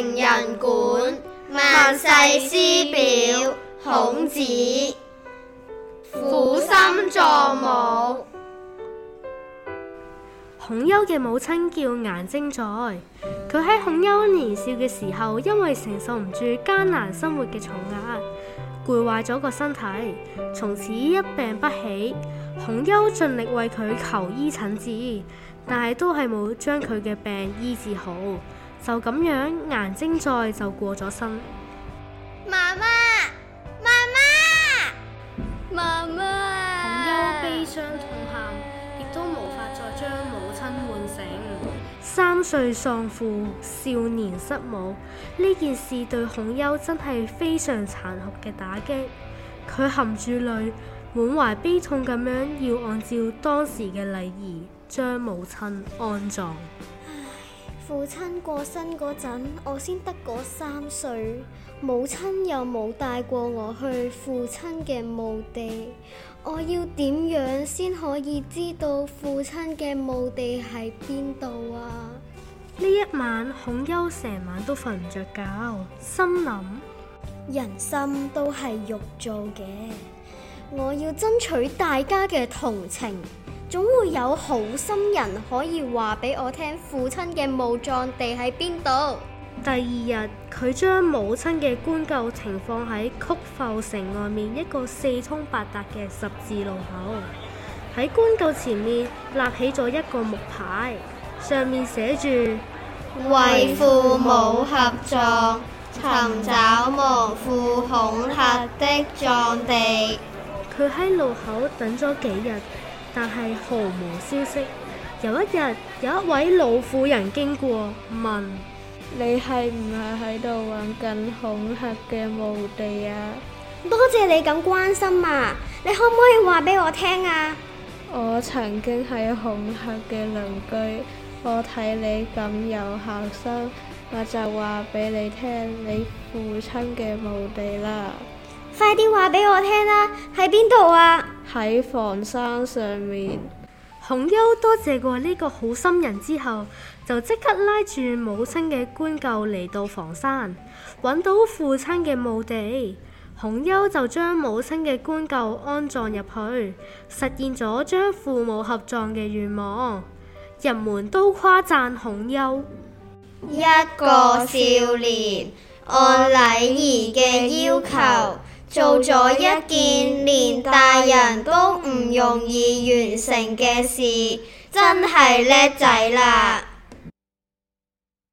名人館萬世師表孔子，苦心葬母。孔丘嘅母親叫顏徵在，佢喺孔丘年少嘅時候，因為承受唔住艱難生活嘅重壓，攰壞咗個身體，從此一病不起。孔丘盡力為佢求醫診治，但係都係冇將佢嘅病醫治好。就咁樣，顏徵在就過咗身。媽媽，媽媽，媽媽。孔丘悲傷痛喊，亦都無法再將母親喚醒。三歲喪父，少年失母，呢件事對孔丘真係非常殘酷嘅打擊。佢含住淚，滿懷悲痛咁樣要按照當時嘅禮儀將母親安葬。父親過身嗰陣，我先得嗰三歲，母親又冇帶過我去父親嘅墓地。我要點樣先可以知道父親嘅墓地喺邊度啊？呢一晚，孔丘成晚都瞓唔着覺，心諗，人心都係肉做嘅，我要爭取大家嘅同情。總會有好心人可以話俾我聽父親嘅墓葬地喺邊度。第二日，佢將母親嘅棺柩停放喺曲阜城外面一個四通八達嘅十字路口。喺棺柩前面立起咗一個木牌，上面寫住為父母合葬，尋找無父孔紇的葬地。佢喺路口等咗幾日。但係毫無消息。有一日，有一位老婦人經過，問：你係唔係喺度搵緊孔紇嘅墓地啊？多謝你咁關心啊！你可唔可以話俾我聽啊？我曾經係孔紇嘅鄰居，我睇你咁有孝心，我就話俾你聽你父親嘅墓地啦。快啲話俾我聽啦，喺邊度啊？喺房山上面，孔丘多謝過呢個好心人之後，就即刻拉住母親嘅棺柩嚟到房山，揾到父親嘅墓地，孔丘就將母親嘅棺柩安葬入去，實現咗將父母合葬嘅願望。人們都誇讚孔丘，一個少年按禮儀嘅要求，做咗一件連大人都唔容易完成嘅事，真係叻仔啦！